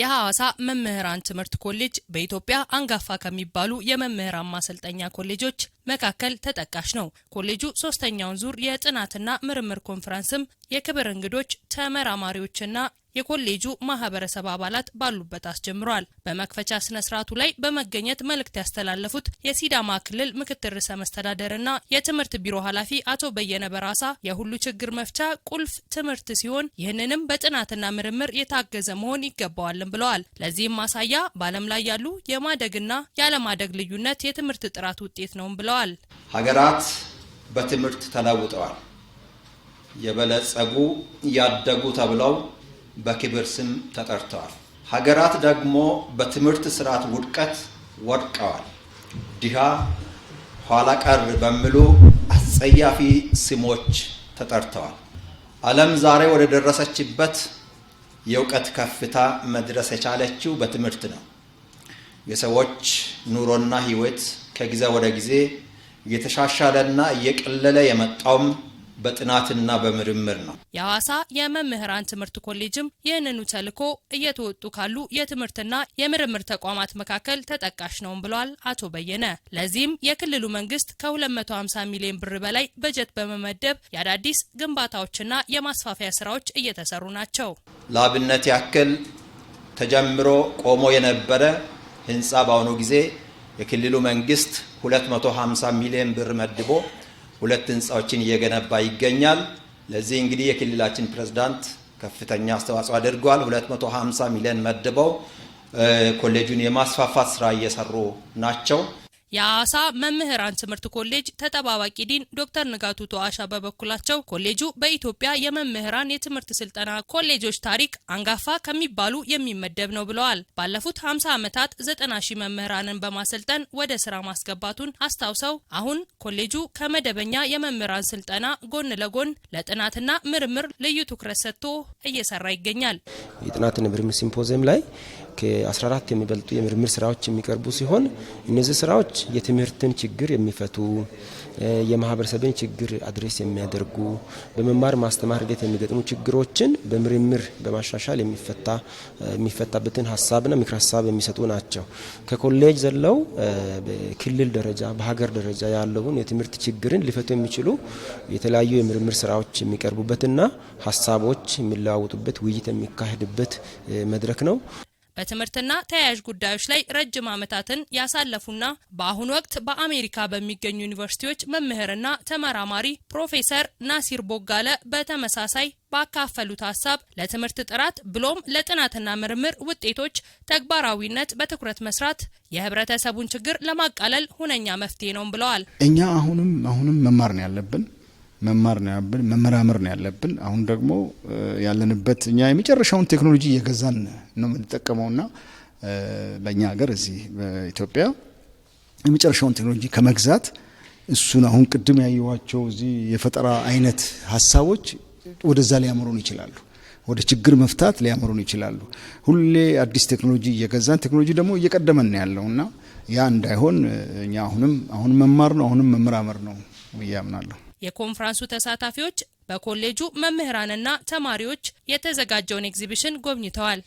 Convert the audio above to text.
የሐዋሳ መምህራን ትምህርት ኮሌጅ በኢትዮጵያ አንጋፋ ከሚባሉ የመምህራን ማሰልጠኛ ኮሌጆች መካከል ተጠቃሽ ነው። ኮሌጁ ሶስተኛውን ዙር የጥናትና ምርምር ኮንፈረንስም የክብር እንግዶች ተመራማሪዎችና የኮሌጁ ማህበረሰብ አባላት ባሉበት አስጀምሯል። በመክፈቻ ስነ ስርዓቱ ላይ በመገኘት መልእክት ያስተላለፉት የሲዳማ ክልል ምክትል ርዕሰ መስተዳደርና የትምህርት ቢሮ ኃላፊ አቶ በየነ በራሳ የሁሉ ችግር መፍቻ ቁልፍ ትምህርት ሲሆን ይህንንም በጥናትና ምርምር የታገዘ መሆን ይገባዋልም ብለዋል። ለዚህም ማሳያ በዓለም ላይ ያሉ የማደግና ያለማደግ ልዩነት የትምህርት ጥራት ውጤት ነውም ብለዋል። ሀገራት በትምህርት ተለውጠዋል። የበለጸጉ ያደጉ ተብለው በክብር ስም ተጠርተዋል። ሀገራት ደግሞ በትምህርት ስርዓት ውድቀት ወድቀዋል። ድሃ፣ ኋላ ቀር በሚሉ አጸያፊ ስሞች ተጠርተዋል። ዓለም ዛሬ ወደ ደረሰችበት የእውቀት ከፍታ መድረስ የቻለችው በትምህርት ነው። የሰዎች ኑሮና ሕይወት ከጊዜ ወደ ጊዜ እየተሻሻለና እየቀለለ የመጣውም በጥናትና በምርምር ነው። የሐዋሳ የመምህራን ትምህርት ኮሌጅም ይህንኑ ተልዕኮ እየተወጡ ካሉ የትምህርትና የምርምር ተቋማት መካከል ተጠቃሽ ነውም ብለዋል አቶ በየነ። ለዚህም የክልሉ መንግስት ከ250 ሚሊዮን ብር በላይ በጀት በመመደብ የአዳዲስ ግንባታዎችና የማስፋፊያ ስራዎች እየተሰሩ ናቸው። ለአብነት ያክል ተጀምሮ ቆሞ የነበረ ህንፃ በአሁኑ ጊዜ የክልሉ መንግስት 250 ሚሊዮን ብር መድቦ ሁለት ህንፃዎችን እየገነባ ይገኛል። ለዚህ እንግዲህ የክልላችን ፕሬዝዳንት ከፍተኛ አስተዋጽኦ አድርጓል። 250 ሚሊዮን መድበው ኮሌጁን የማስፋፋት ስራ እየሰሩ ናቸው። የአዋሳ መምህራን ትምህርት ኮሌጅ ተጠባባቂ ዲን ዶክተር ንጋቱ ተዋሻ በበኩላቸው ኮሌጁ በኢትዮጵያ የመምህራን የትምህርት ስልጠና ኮሌጆች ታሪክ አንጋፋ ከሚባሉ የሚመደብ ነው ብለዋል። ባለፉት 50 ዓመታት 90 ሺህ መምህራንን በማሰልጠን ወደ ስራ ማስገባቱን አስታውሰው አሁን ኮሌጁ ከመደበኛ የመምህራን ስልጠና ጎን ለጎን ለጥናትና ምርምር ልዩ ትኩረት ሰጥቶ እየሰራ ይገኛል። የጥናትን ምርምር ሲምፖዚየም ላይ ከ14 የሚበልጡ የምርምር ስራዎች የሚቀርቡ ሲሆን እነዚህ ስራዎች የትምህርትን ችግር የሚፈቱ የማህበረሰብን ችግር አድሬስ የሚያደርጉ በመማር ማስተማር ሂደት የሚገጥሙ ችግሮችን በምርምር በማሻሻል የሚፈታበትን ሀሳብና ምክር ሀሳብ የሚሰጡ ናቸው። ከኮሌጅ ዘለው በክልል ደረጃ በሀገር ደረጃ ያለውን የትምህርት ችግርን ሊፈቱ የሚችሉ የተለያዩ የምርምር ስራዎች የሚቀርቡበትና ሀሳቦች የሚለዋወጡበት ውይይት የሚካሄድበት መድረክ ነው። በትምህርትና ተያያዥ ጉዳዮች ላይ ረጅም ዓመታትን ያሳለፉና በአሁኑ ወቅት በአሜሪካ በሚገኙ ዩኒቨርሲቲዎች መምህርና ተመራማሪ ፕሮፌሰር ናሲር ቦጋለ በተመሳሳይ ባካፈሉት ሀሳብ ለትምህርት ጥራት ብሎም ለጥናትና ምርምር ውጤቶች ተግባራዊነት በትኩረት መስራት የህብረተሰቡን ችግር ለማቃለል ሁነኛ መፍትሄ ነው ብለዋል። እኛ አሁንም አሁንም መማር ነው ያለብን መማር ነው ያለብን፣ መመራመር ነው ያለብን። አሁን ደግሞ ያለንበት እኛ የመጨረሻውን ቴክኖሎጂ እየገዛን ነው የምንጠቀመውና በእኛ ሀገር እዚህ በኢትዮጵያ የመጨረሻውን ቴክኖሎጂ ከመግዛት እሱን አሁን ቅድም ያየዋቸው እዚህ የፈጠራ አይነት ሀሳቦች ወደዛ ሊያመሩን ይችላሉ። ወደ ችግር መፍታት ሊያመሩን ይችላሉ። ሁሌ አዲስ ቴክኖሎጂ እየገዛን ቴክኖሎጂ ደግሞ እየቀደመን ነው ያለው እና ያ እንዳይሆን እኛ አሁንም አሁን መማር ነው አሁንም መመራመር ነው ብዬ አምናለሁ። የኮንፍራንሱ ተሳታፊዎች በኮሌጁ መምህራንና ተማሪዎች የተዘጋጀውን ኤግዚቢሽን ጎብኝተዋል።